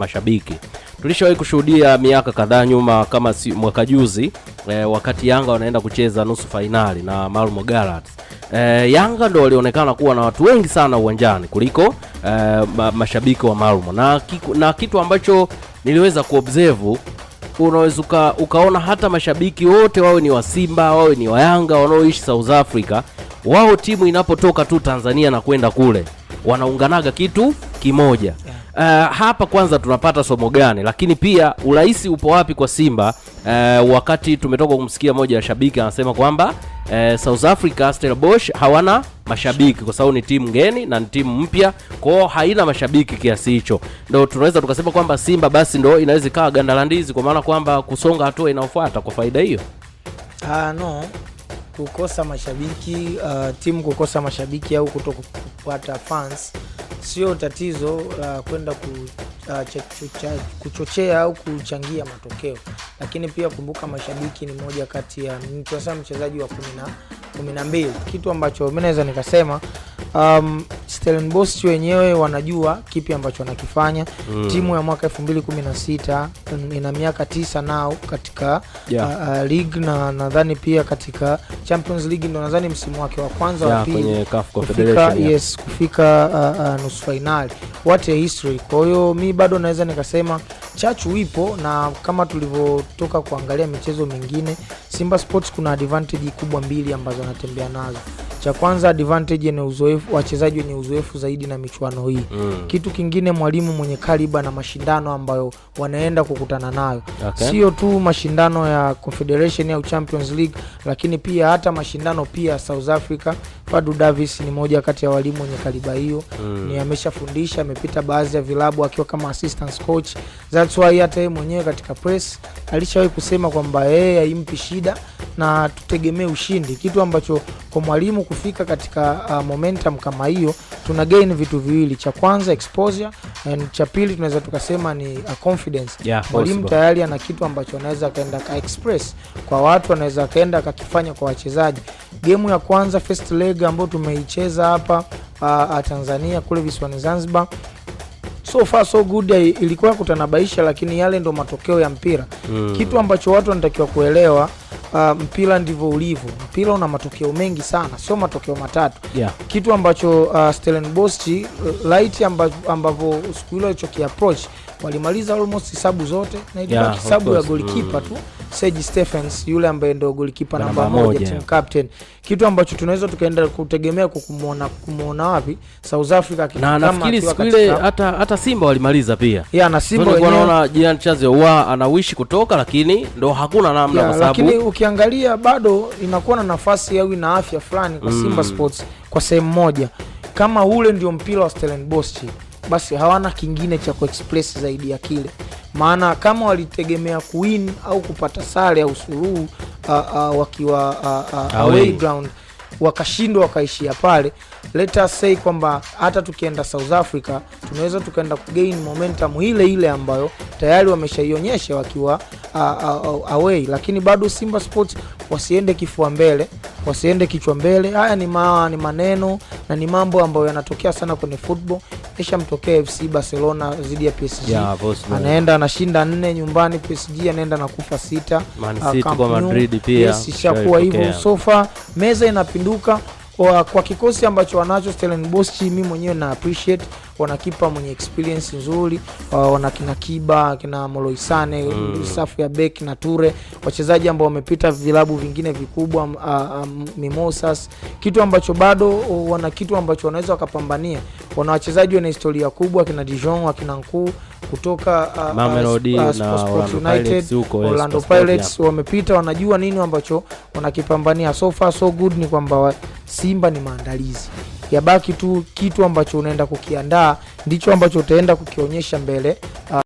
Mashabiki tulishawahi kushuhudia miaka kadhaa nyuma, kama si mwaka juzi e, wakati Yanga wanaenda kucheza nusu fainali na Malmo Gallants e, eh, Yanga ndo walionekana kuwa na watu wengi sana uwanjani kuliko e, mashabiki wa Malmo na, na kitu ambacho niliweza kuobserve unaweza uka, ukaona hata mashabiki wote wawe ni wa Simba wawe ni wa Yanga wanaoishi South Africa, wao timu inapotoka tu Tanzania na kwenda kule wanaunganaga kitu kimoja Uh, hapa kwanza tunapata somo gani? Lakini pia urahisi upo wapi kwa Simba? Uh, wakati tumetoka kumsikia moja ya shabiki anasema kwamba uh, South Africa Stellenbosch hawana mashabiki kwa sababu ni timu ngeni na ni timu mpya, kwao haina mashabiki kiasi hicho. Ndio tunaweza tukasema kwamba Simba basi ndo inaweza ikawa ndizi kwa maana kwamba kusonga hatua inayofuata kwa faida hiyo. Ah, no kukosa mashabiki uh, timu kukosa mashabiki au kuto kupata fans sio tatizo la uh, kwenda ku, uh, kuchochea au kuchangia matokeo, lakini pia kumbuka, mashabiki ni moja kati ya tunasema mchezaji wa kumi na mbili, kitu ambacho mi naweza nikasema um, Stellenbosch wenyewe wanajua kipi ambacho wanakifanya. mm. Timu ya mwaka 2016 ina miaka tisa nao katika yeah. uh, uh, league na nadhani pia katika Champions League ndo nadhani msimu wake wa kwanza yeah, wa pili kufika, yes, kufika uh, uh, nusu finali. What a history! Kwa hiyo mi bado naweza nikasema chachu ipo, na kama tulivyotoka kuangalia michezo mingine, Simba Sports kuna advantage kubwa mbili ambazo anatembea nazo cha kwanza advantage ni uzoefu, wachezaji wenye uzoefu zaidi na michuano hii mm. Kitu kingine mwalimu mwenye kaliba na mashindano ambayo wanaenda kukutana nayo okay. Sio tu mashindano ya Confederation au Champions League, lakini pia hata mashindano pia South Africa. Fadu Davis ni moja kati ya walimu wenye kaliba hiyo mm. Ni ameshafundisha amepita baadhi ya vilabu akiwa kama assistant coach, that's why hata yeye mwenyewe katika press alishawahi kusema kwamba yeye haimpi shida na tutegemee ushindi, kitu ambacho kwa mwalimu kufika katika uh, momentum kama hiyo, tuna gain vitu viwili, cha kwanza exposure and cha pili tunaweza tukasema ni a uh, confidence yeah, mwalimu tayari ana kitu ambacho anaweza akaenda ka express kwa watu, anaweza akaenda akakifanya kwa wachezaji. Gemu ya kwanza first leg ambayo tumeicheza hapa uh, Tanzania kule visiwani Zanzibar so far so good, ilikuwa kutanabaisha, lakini yale ndo matokeo ya mpira mm. Kitu ambacho watu wanatakiwa kuelewa Ah, mpira ndivyo ulivyo mpira una matokeo mengi sana, sio matokeo matatu yeah. Kitu ambacho uh, Stellenbosch uh, light ambavyo siku hilo alichoki approach walimaliza almost hesabu zote na ilibaki hesabu yeah, ya golikipa mm. tu Sage Stephens yule ambaye ndo golikipa namba moja team captain, kitu ambacho tunaweza tukaenda kutegemea kukumuona kumuona wapi South Africa na nafikiri siku ile hata hata Simba walimaliza pia yeah, na Simba wenyewe naona Jean Chaze wa anawishi kutoka, lakini ndo hakuna namna yeah, kwa sababu lakini ukiangalia bado inakuwa na nafasi au ina afya fulani kwa mm. Simba mm. Sports kwa sehemu moja, kama ule ndio mpira wa Stellenbosch, basi hawana kingine cha kuexpress zaidi ya kile. Maana kama walitegemea kuwin au kupata sare au suruhu uh, uh, wakiwa uh, away ground wakashindwa wakaishia pale. Let us say kwamba hata tukienda South Africa tunaweza tukaenda kugain momentum ile ile ambayo tayari wameshaionyesha wakiwa uh, uh, uh, away, lakini bado Simba Sports wasiende kifua mbele wasiende kichwa mbele. Haya ni, ma, ni maneno na ni mambo ambayo yanatokea sana kwenye football. Ishamtokea FC Barcelona dhidi ya PSG yeah, anaenda anashinda nne nyumbani PSG, anaenda na kufa sita ah, ishakuwa hivyo. Sofa meza inapinduka kwa, kwa kikosi ambacho anacho Stellenbosch, mimi mwenyewe na appreciate wana kipa mwenye experience nzuri, wana kina Kiba, kina Moloi Sane mm. safu ya beki na Ture, wachezaji ambao wamepita vilabu vingine vikubwa um, Mimosas, kitu ambacho bado wana kitu ambacho wanaweza wakapambania. Wana wachezaji wana historia kubwa, kina Dijon, akina Nkuu kutoka Orlando eh, Pirates wamepita, wanajua nini ambacho wanakipambania. So far so good ni kwamba Simba ni maandalizi yabaki tu kitu ambacho unaenda kukiandaa ndicho ambacho utaenda kukionyesha mbele. Uh,